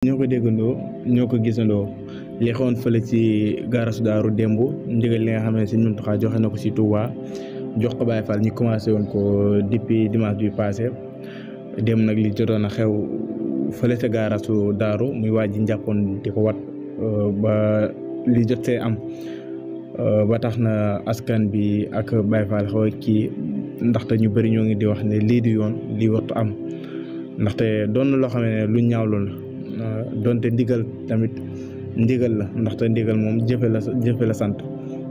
ñoo ko déggandoo ñoo ko gisandoo li xewoon fële ci gaarasu daaru démb ndigal li nga xam ne si ñun taxaa joxe na ko si Touba jox ko Baye ñi ñu commencé woon ko depuis dimanche bi passé dem nag li jotoon na xew fële ca gaarasu daaru muy waa ji njàppoon di ko wat euh, ba li jot see am euh, ba tax na askan bi ak Baye xew xaw kii ndaxte ñu bëri ñoo ngi di wax ne lii di yoon lii wartu am ndaxte doon na loo xam ne lu ñaaw lool Euh, donte ndigal tamit ndigal la ndaxte ndigal moom jëfe la jëfe la sant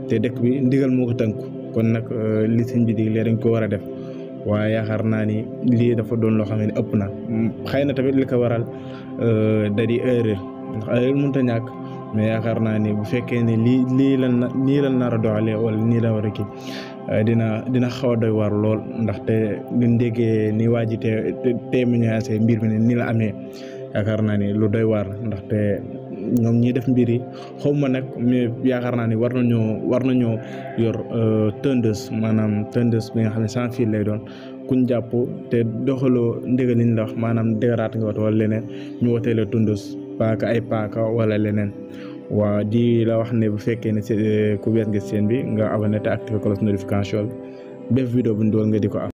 te dëkk bi ndigal moo ko tënku kon nag euh, li sëñ bi digle dañ ko war a def waaye yaakaar naa ni lii dafa doon loo xam ne ëpp na mm, xëy na tamit li ko waral euh, da di erreur ñàkk mais yaakaar naa ni bu fekkee ne lii lii lan nii lan nar a doxalee wala nii la war a kii dina dina xaw a doy waar lool ndaxte buñ ni waa ji te témoignage mbir mi ne nii la amee. yaakaar naa ni lu doy waar ndaxte ñoom ñi def mbir yi xaw ma nag yaakaar naa ni war nañoo war nañoo yor euh, tondeuse maanaam tondeuse bi nga xam ne sans fil lay doon kuñ jàpp te doxaloo ndigal liñ la wax maanaam dégaraat nga wata wala leneen ñu wotee la tondeuse paaka ay paaka wala leneen waa di la wax ne bu fekkee ne euh, ku bees nga seen bi nga abonné te activé cloche notification bi bépp vidéo bu ñu dool nga di ko am